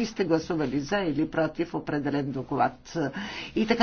и сте гласували за или против определен доклад. И така